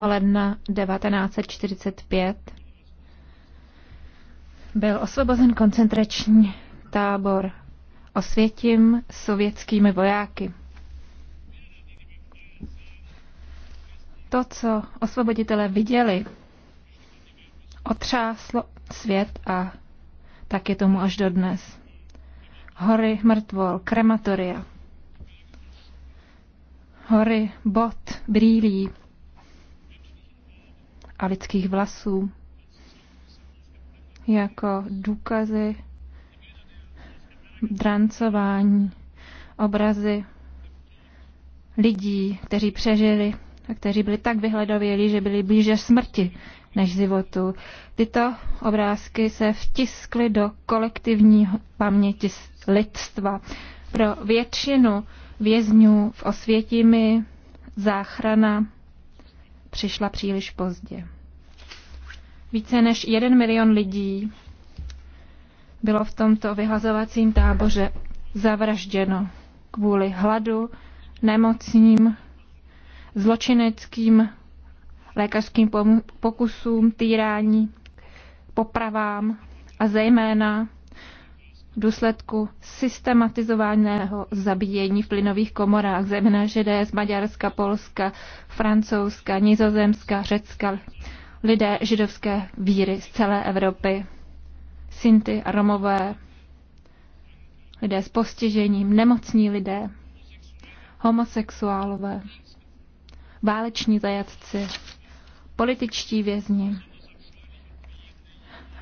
ledna 1945 byl osvobozen koncentrační tábor osvětím sovětskými vojáky. To, co osvoboditelé viděli, otřáslo svět a tak je tomu až dodnes. Hory mrtvol, krematoria, hory bot, brýlí, a lidských vlasů jako důkazy drancování, obrazy lidí, kteří přežili a kteří byli tak vyhledovělí, že byli blíže smrti než životu. Tyto obrázky se vtiskly do kolektivní paměti lidstva. Pro většinu vězňů v osvětími záchrana přišla příliš pozdě. Více než jeden milion lidí bylo v tomto vyhazovacím táboře zavražděno kvůli hladu, nemocním, zločineckým lékařským pokusům, týrání, popravám a zejména v důsledku systematizovaného zabíjení v plynových komorách, zejména židé z Maďarska, Polska, Francouzska, Nizozemska, Řecka, lidé židovské víry z celé Evropy, Sinty a Romové, lidé s postižením, nemocní lidé, homosexuálové, váleční zajatci, političtí vězni,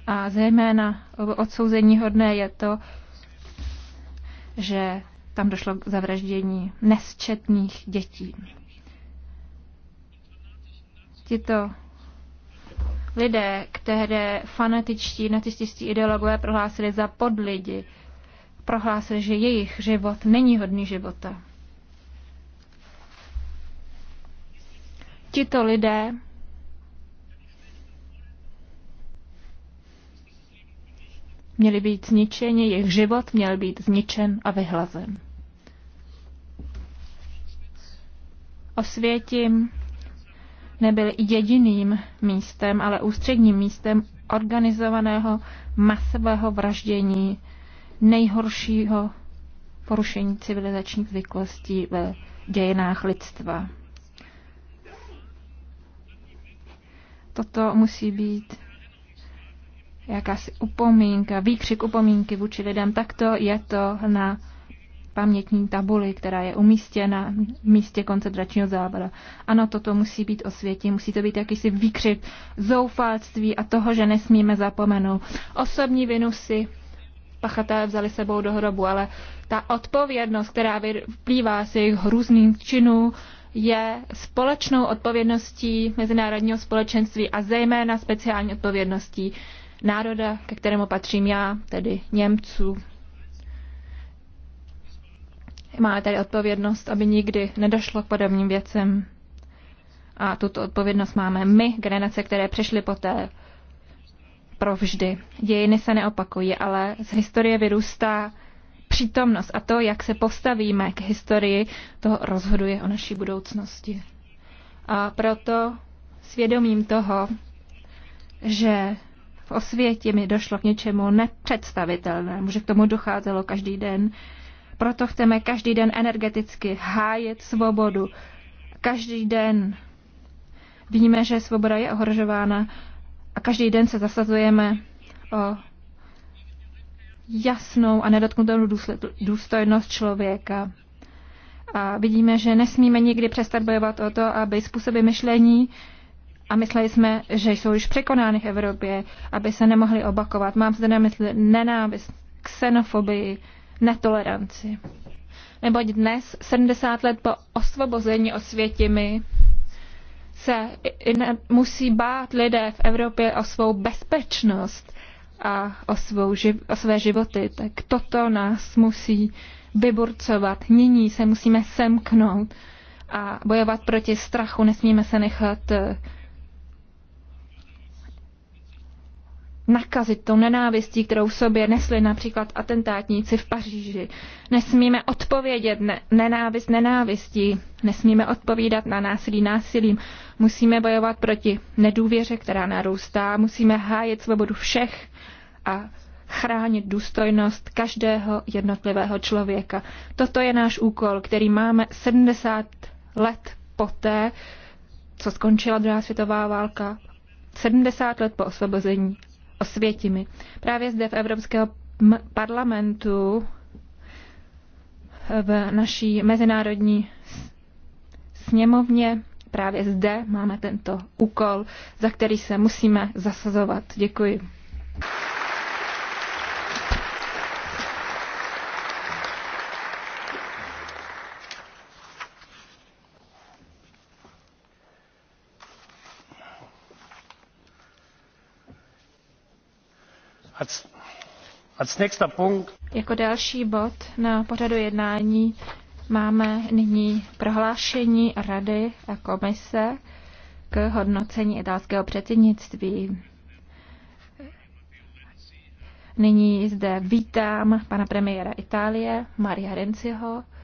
a zejména odsouzení hodné je to, že tam došlo k zavraždění nesčetných dětí. Tito lidé, které fanatičtí, nacističtí ideologové prohlásili za podlidi, prohlásili, že jejich život není hodný života. Tito lidé měli být zničeni, jejich život měl být zničen a vyhlazen. Osvětím nebyl jediným místem, ale ústředním místem organizovaného masového vraždění nejhoršího porušení civilizačních zvyklostí ve dějinách lidstva. Toto musí být jakási upomínka, výkřik upomínky vůči lidem, tak to je to na pamětní tabuli, která je umístěna v místě koncentračního závodu. Ano, toto musí být světě, musí to být jakýsi výkřik zoufalství a toho, že nesmíme zapomenout. Osobní vinu si pachatelé vzali sebou do hrobu, ale ta odpovědnost, která vyplývá z jejich hrůzných činů, je společnou odpovědností mezinárodního společenství a zejména speciální odpovědností národa, ke kterému patřím já, tedy Němců. Máme tady odpovědnost, aby nikdy nedošlo k podobným věcem. A tuto odpovědnost máme my, generace, které přišly poté provždy. Dějiny se neopakují, ale z historie vyrůstá přítomnost a to, jak se postavíme k historii, to rozhoduje o naší budoucnosti. A proto svědomím toho, že v osvětě mi došlo k něčemu nepředstavitelnému, že k tomu docházelo každý den. Proto chceme každý den energeticky hájet svobodu. Každý den víme, že svoboda je ohrožována a každý den se zasazujeme o jasnou a nedotknutelnou důstojnost člověka. A vidíme, že nesmíme nikdy přestat bojovat o to, aby způsoby myšlení, a mysleli jsme, že jsou již překonány v Evropě, aby se nemohly obakovat. Mám zde na mysli nenávist, xenofobii, netoleranci. Neboť dnes, 70 let po osvobození od světimi, se musí bát lidé v Evropě o svou bezpečnost a o, svou, o své životy. Tak toto nás musí vyburcovat. Nyní se musíme semknout a bojovat proti strachu. Nesmíme se nechat eh, nakazit tou nenávistí, kterou v sobě nesli například atentátníci v Paříži. Nesmíme odpovědět ne, nenávist nenávistí, nesmíme odpovídat na násilí násilím. Musíme bojovat proti nedůvěře, která narůstá, musíme hájit svobodu všech a chránit důstojnost každého jednotlivého člověka. Toto je náš úkol, který máme 70 let poté, co skončila druhá světová válka, 70 let po osvobození Osvětimi. Právě zde v Evropského parlamentu eh, v naší mezinárodní sněmovně právě zde máme tento úkol, za který se musíme zasazovat. Děkuji. Jako další bod na pořadu jednání máme nyní prohlášení Rady a Komise k hodnocení italského předsednictví. Nyní zde vítám pana premiéra Itálie Maria Renziho.